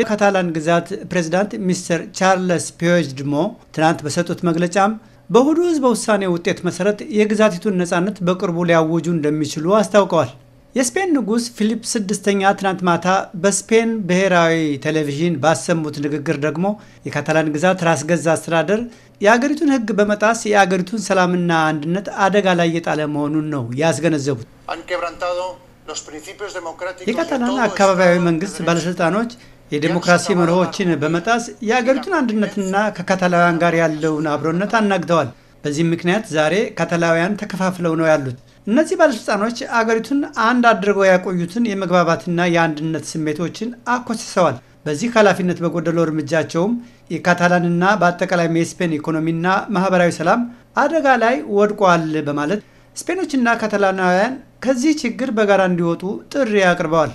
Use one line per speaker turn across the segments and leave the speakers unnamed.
የካታላን ግዛት ፕሬዚዳንት ሚስተር ቻርለስ ድሞ ትናንት በሰጡት መግለጫም በእሁዱ ህዝበ ውሳኔ ውጤት መሰረት የግዛቲቱን ነፃነት በቅርቡ ሊያውጁ እንደሚችሉ አስታውቀዋል። የስፔን ንጉሥ ፊሊፕ ስድስተኛ ትናንት ማታ በስፔን ብሔራዊ ቴሌቪዥን ባሰሙት ንግግር ደግሞ የካታላን ግዛት ራስ ገዝ አስተዳደር የአገሪቱን ሕግ በመጣስ የአገሪቱን ሰላምና አንድነት አደጋ ላይ የጣለ መሆኑን ነው ያስገነዘቡት። የካታላን አካባቢያዊ መንግስት ባለሥልጣኖች የዴሞክራሲ መርሆችን በመጣስ የአገሪቱን አንድነትና ከካታላውያን ጋር ያለውን አብሮነት አናግተዋል። በዚህም ምክንያት ዛሬ ካታላውያን ተከፋፍለው ነው ያሉት። እነዚህ ባለሥልጣኖች አገሪቱን አንድ አድርገው ያቆዩትን የመግባባትና የአንድነት ስሜቶችን አኮስሰዋል። በዚህ ኃላፊነት በጎደለው እርምጃቸውም የካታላንና በአጠቃላይ የስፔን ኢኮኖሚና ማህበራዊ ሰላም አደጋ ላይ ወድቋል በማለት ስፔኖችና ካታላናውያን ከዚህ ችግር በጋራ እንዲወጡ ጥሪ አቅርበዋል።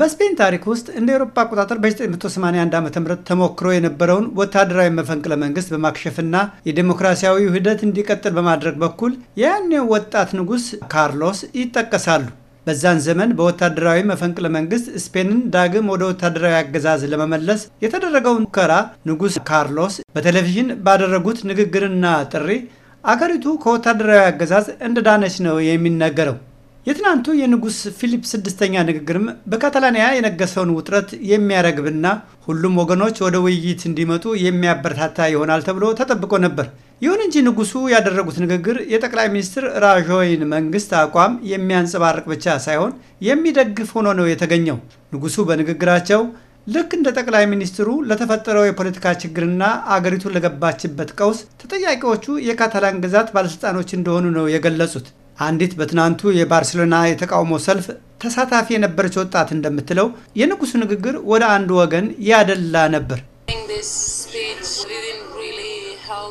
በስፔን ታሪክ ውስጥ እንደ ኤሮፓ አቆጣጠር በ 981 ዓ ም ተሞክሮ የነበረውን ወታደራዊ መፈንቅለ መንግስት በማክሸፍና የዴሞክራሲያዊ ሂደት እንዲቀጥል በማድረግ በኩል የያኔው ወጣት ንጉሥ ካርሎስ ይጠቀሳሉ። በዛን ዘመን በወታደራዊ መፈንቅለ መንግስት ስፔንን ዳግም ወደ ወታደራዊ አገዛዝ ለመመለስ የተደረገውን ሙከራ ንጉሥ ካርሎስ በቴሌቪዥን ባደረጉት ንግግርና ጥሪ አገሪቱ ከወታደራዊ አገዛዝ እንደዳነች ነው የሚነገረው። የትናንቱ የንጉሥ ፊሊፕ ስድስተኛ ንግግርም በካታላንያ የነገሰውን ውጥረት የሚያረግብና ሁሉም ወገኖች ወደ ውይይት እንዲመጡ የሚያበረታታ ይሆናል ተብሎ ተጠብቆ ነበር። ይሁን እንጂ ንጉሱ ያደረጉት ንግግር የጠቅላይ ሚኒስትር ራዦይን መንግስት አቋም የሚያንጸባርቅ ብቻ ሳይሆን የሚደግፍ ሆኖ ነው የተገኘው። ንጉሱ በንግግራቸው ልክ እንደ ጠቅላይ ሚኒስትሩ ለተፈጠረው የፖለቲካ ችግርና አገሪቱ ለገባችበት ቀውስ ተጠያቂዎቹ የካታላን ግዛት ባለሥልጣኖች እንደሆኑ ነው የገለጹት። አንዲት በትናንቱ የባርሴሎና የተቃውሞ ሰልፍ ተሳታፊ የነበረች ወጣት እንደምትለው የንጉሱ ንግግር ወደ አንድ ወገን ያደላ ነበር።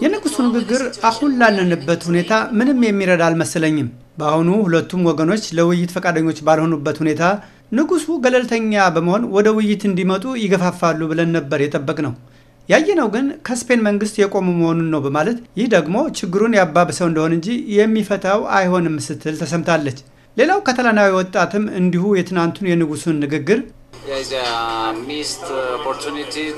የንጉሱ ንግግር አሁን ላለንበት ሁኔታ ምንም የሚረዳ አልመሰለኝም። በአሁኑ ሁለቱም ወገኖች ለውይይት ፈቃደኞች ባልሆኑበት ሁኔታ ንጉሱ ገለልተኛ በመሆን ወደ ውይይት እንዲመጡ ይገፋፋሉ ብለን ነበር የጠበቅ ነው። ያየነው ግን ከስፔን መንግስት የቆሙ መሆኑን ነው በማለት ይህ ደግሞ ችግሩን ያባብሰው እንደሆን እንጂ የሚፈታው አይሆንም ስትል ተሰምታለች። ሌላው ካታላናዊ ወጣትም እንዲሁ የትናንቱን የንጉሱን ንግግር uh,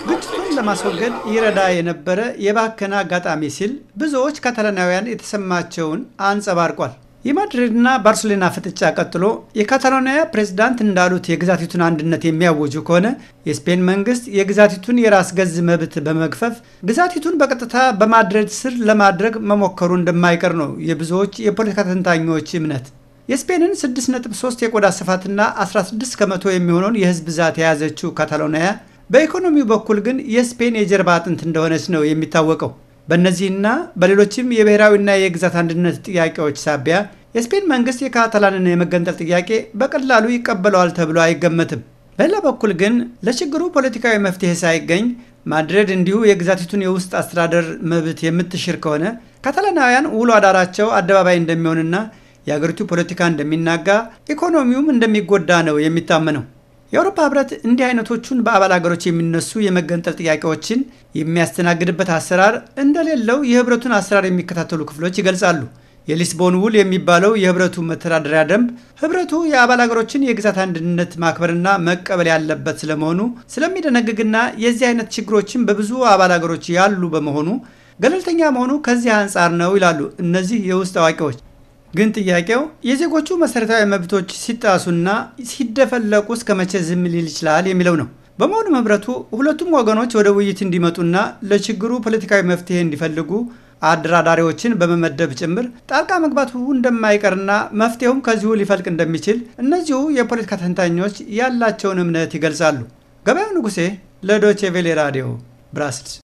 ግጭቱን ለማስወገድ ይረዳ የነበረ የባከነ አጋጣሚ ሲል ብዙዎች ካታላናውያን የተሰማቸውን አንጸባርቋል። የማድሪድና ባርሴሎና ፍጥጫ ቀጥሎ የካታሎኒያ ፕሬዝዳንት እንዳሉት የግዛቲቱን አንድነት የሚያወጁ ከሆነ የስፔን መንግስት የግዛቲቱን የራስ ገዝ መብት በመግፈፍ ግዛቲቱን በቀጥታ በማድሪድ ስር ለማድረግ መሞከሩ እንደማይቀር ነው የብዙዎች የፖለቲካ ተንታኞች እምነት። የስፔንን 6.3 የቆዳ ስፋትና 16 ከመቶ የሚሆነውን የህዝብ ብዛት የያዘችው ካታሎኒያ በኢኮኖሚው በኩል ግን የስፔን የጀርባ አጥንት እንደሆነች ነው የሚታወቀው። በእነዚህና በሌሎችም የብሔራዊና የግዛት አንድነት ጥያቄዎች ሳቢያ የስፔን መንግስት የካታላንን የመገንጠል ጥያቄ በቀላሉ ይቀበለዋል ተብሎ አይገመትም። በሌላ በኩል ግን ለችግሩ ፖለቲካዊ መፍትሄ ሳይገኝ ማድሪድ እንዲሁ የግዛቲቱን የውስጥ አስተዳደር መብት የምትሽር ከሆነ ካታላናውያን ውሎ አዳራቸው አደባባይ እንደሚሆንና የአገሪቱ ፖለቲካ እንደሚናጋ፣ ኢኮኖሚውም እንደሚጎዳ ነው የሚታመነው። የአውሮፓ ህብረት እንዲህ አይነቶቹን በአባል ሀገሮች የሚነሱ የመገንጠል ጥያቄዎችን የሚያስተናግድበት አሰራር እንደሌለው የህብረቱን አሰራር የሚከታተሉ ክፍሎች ይገልጻሉ። የሊስቦን ውል የሚባለው የህብረቱ መተዳደሪያ ደንብ ህብረቱ የአባል አገሮችን የግዛት አንድነት ማክበርና መቀበል ያለበት ስለመሆኑ ስለሚደነግግና የዚህ አይነት ችግሮችን በብዙ አባል አገሮች ያሉ በመሆኑ ገለልተኛ መሆኑ ከዚህ አንጻር ነው ይላሉ እነዚህ የውስጥ አዋቂዎች። ግን ጥያቄው የዜጎቹ መሰረታዊ መብቶች ሲጣሱና ሲደፈለቁ እስከ መቼ ዝም ሊል ይችላል የሚለው ነው። በመሆኑ ህብረቱ ሁለቱም ወገኖች ወደ ውይይት እንዲመጡና ለችግሩ ፖለቲካዊ መፍትሄ እንዲፈልጉ አደራዳሪዎችን በመመደብ ጭምር ጣልቃ መግባቱ እንደማይቀርና መፍትሄውም ከዚሁ ሊፈልቅ እንደሚችል እነዚሁ የፖለቲካ ተንታኞች ያላቸውን እምነት ይገልጻሉ። ገበያው ንጉሴ ለዶቼ ቬሌ ራዲዮ ብራስልስ